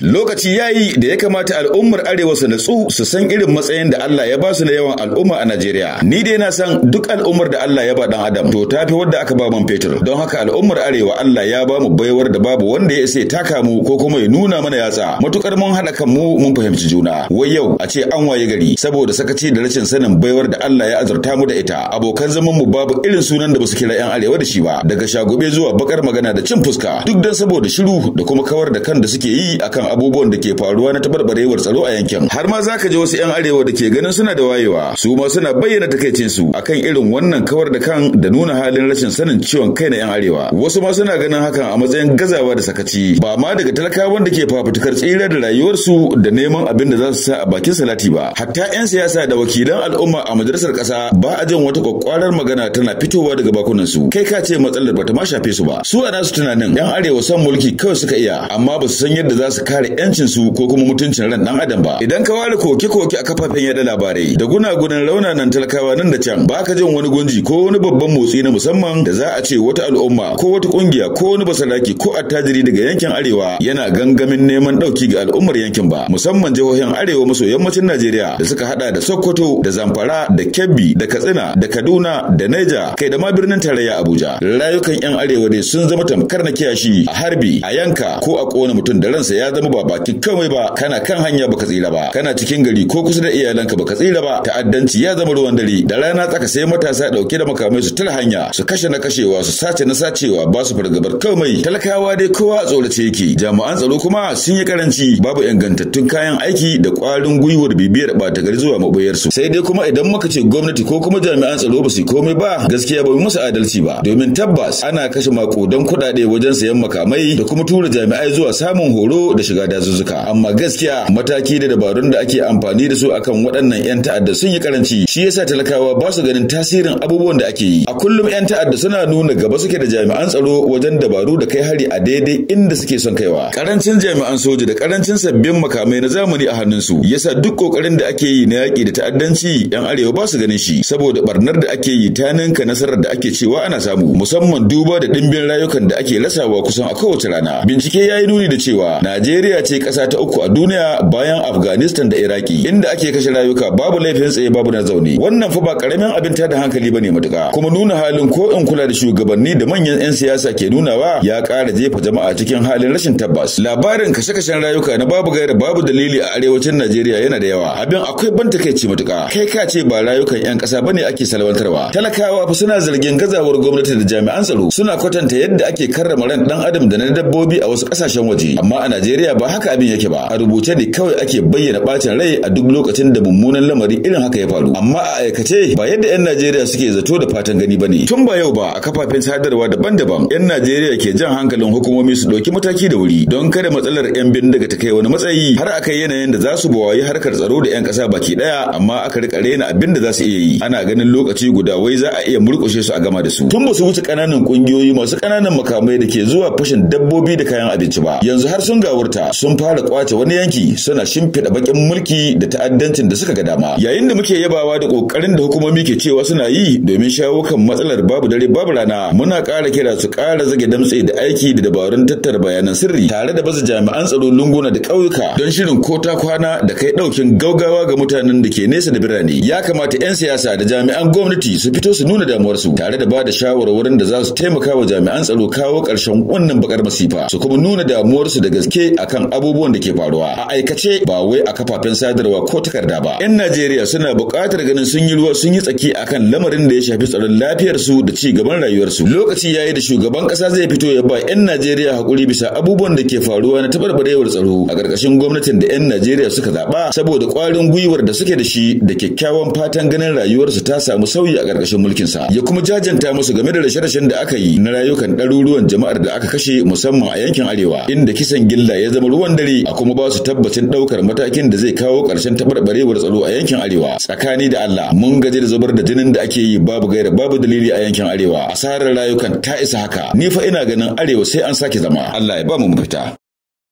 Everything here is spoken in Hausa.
Lokaci ya yi da ya kamata al'ummar Arewa su natsu su san irin matsayin da Allah ya ba su na yawan al'umma a Najeriya. Ni dai na san duk al'ummar da Allah ya ba dan Adam to tafi wadda aka ba man fetur. Don haka al'ummar Arewa Allah ya ba mu baiwar da babu wanda ya isa taka mu ko kuma ya nuna mana yatsa. Matukar mun hada kan mu mun fahimci juna. Wai yau a ce an waye gari saboda sakaci da rashin sanin baiwar da Allah ya azurta mu da ita. Abokan zaman mu babu irin sunan da basu kira 'yan Arewa da shi ba. Daga shagube zuwa bakar magana da cin fuska duk dan saboda shiru da kuma kawar da kan da suke yi akan abubuwan da ke faruwa na tabarbarewar tsaro a yankin har ma za ka ji wasu yan arewa da ke ganin suna da wayewa su ma suna bayyana takaicin su akan irin wannan kawar da kan da nuna halin rashin sanin ciwon kai na yan arewa wasu ma suna ganin hakan a matsayin gazawa da sakaci ba ma daga talakawan da ke fafutukar tsira da rayuwarsu da neman abin da za su sa a bakin salati ba hatta yan siyasa da wakilan al'umma a majalisar kasa ba a jin wata kwakwarar magana tana fitowa daga bakunan su kai ka ce matsalar ba ta ma shafe su ba su a nasu tunanin yan arewa san mulki kawai suka iya amma ba su san yadda za su kare kare su ko kuma mutuncin ran dan adam ba idan ka ware koke-koke a kafafen yada labarai da gunagunan raunanan talakawa nan da can baka jin wani gunji ko wani babban motsi na musamman da za a ce wata al'umma ko wata kungiya ko wani basalaki ko attajiri daga yankin arewa yana gangamin neman dauki ga al'ummar yankin ba musamman jihohin arewa maso yammacin Najeriya da suka hada da Sokoto da Zamfara da Kebbi da Katsina da Kaduna da Niger kai da ma birnin tarayya Abuja rayukan yan arewa dai sun zama tamkar na kiyashi a harbi a yanka ko a kona mutum da ransa ya zama ba bakin kawai ba kana kan hanya baka tsira ba kana cikin gari ko kusa da iyalanka baka tsira ba ta'addanci ya zama ruwan dare da rana tsaka sai matasa dauke da makamai su tara hanya su kashe na kashewa su sace na sacewa ba su fargabar kawai talakawa dai kowa a tsorace yake jami'an tsaro kuma sun yi karanci babu ingantattun kayan aiki da kwarin gwiwar bibiyar bata gari zuwa su. sai dai kuma idan muka ce gwamnati ko kuma jami'an tsaro ba su komai ba gaskiya ba musu adalci ba domin tabbas ana kashe makudan kuɗaɗe wajen sayan makamai da kuma tura jami'ai zuwa samun horo da shiga dazuzzuka amma gaskiya mataki da dabarun da ake amfani da su akan waɗannan 'yan ta'adda sun yi karanci shi yasa talakawa ba su ganin tasirin abubuwan da ake yi a kullum 'yan ta'adda suna nuna gaba suke da jami'an tsaro wajen dabaru da kai hari a daidai inda suke son kaiwa karancin jami'an soja da karancin sabbin makamai na zamani a hannunsu yasa duk kokarin da ake yi na yaƙi da ta'addanci 'yan arewa ba su ganin shi saboda barnar da ake yi ta ninka nasarar da ake cewa ana samu musamman duba da ɗimbin rayukan da ake rasawa kusan a kowace rana bincike ya yi nuni da cewa Najeriya Najeriya ce ƙasa ta uku a duniya bayan Afghanistan da Iraki inda ake kashe rayuka babu laifin tsaye babu na zaune. Wannan fa ba karamin abin tada hankali bane matuƙa. Kuma nuna halin ko in kula da shugabanni da manyan 'yan siyasa ke nunawa ya ƙara jefa jama'a cikin halin rashin tabbas. Labarin kashe-kashen rayuka na babu gaira babu dalili a arewacin Najeriya yana da yawa. Abin akwai ban takeici matuƙa. Kai ka ce ba rayukan 'yan ƙasa bane ake salwantarwa. Talakawa fa suna zargin gazawar gwamnati da jami'an tsaro. Suna kwatanta yadda ake karrama ran dan adam da na dabbobi a wasu ƙasashen waje. Amma a Najeriya Najeriya ba haka abin yake ba a rubuce ne kawai ake bayyana bacin rai a duk lokacin da mummunan lamari irin haka ya faru amma a aikace ba yadda 'yan Najeriya suke zato da fatan gani ba ne. tun ba yau ba a kafafen sadarwa daban-daban 'yan Najeriya ke jan hankalin hukumomi su ɗauki mataki da wuri don kada matsalar 'yan bindiga ta kai wani matsayi har aka yanayin da za su bawayi harkar tsaro da 'yan ƙasa baki ɗaya amma aka rika rena abin da za su iya yi ana ganin lokaci guda wai za a iya murƙushe su a gama da su tun ba su wuce ƙananan ƙungiyoyi masu ƙananan makamai da ke zuwa fashin dabbobi da kayan abinci ba yanzu har sun gawurta sun fara kwace wani yanki suna shimfida bakin mulki da ta'addancin da suka ga dama yayin da muke yabawa da kokarin da hukumomi ke cewa suna yi domin shawo kan matsalar babu dare babu rana muna ƙara kira su ƙara zage damtse da aiki da dabarun tattara bayanan sirri tare da baza jami'an tsaro lunguna da ƙauyuka don shirin ko ta kwana da kai ɗaukin gaugawa ga mutanen da ke nesa da birane ya kamata 'yan siyasa da jami'an gwamnati su fito su nuna damuwarsu tare da bada da shawarwarin da za su taimaka wa jami'an tsaro kawo ƙarshen wannan bakar masifa su kuma nuna damuwarsu da gaske a akan abubuwan da ke faruwa a aikace ba wai a kafafen sadarwa ko takarda ba yan Najeriya suna buƙatar ganin sun yi ruwa sun yi tsaki akan lamarin da ya shafi tsaron lafiyarsu da ci gaban rayuwarsu lokaci yayi da shugaban ƙasa zai fito ya ba yan Najeriya hakuri bisa abubuwan da ke faruwa na tabarbarewar tsaro a ƙarƙashin gwamnatin da yan Najeriya suka zaɓa saboda ƙwarin gwiwar da suke da shi da kyakkyawan fatan ganin rayuwarsu ta samu sauyi a ƙarƙashin sa, ya kuma jajanta musu game da rashe-rashen da aka yi na rayukan ɗaruruwan jama'ar da aka kashe musamman a yankin arewa inda kisan gilla ya zama ruwan dare a kuma ba su tabbacin ɗaukar matakin da zai kawo ƙarshen taɓarɓarewar tsaro a yankin arewa tsakani da Allah mun gaji da zubar da jinin da ake yi babu gaira babu dalili a yankin arewa asarar rayukan ta isa haka ni fa ina ganin arewa sai an sake zama Allah ya ba mu mafita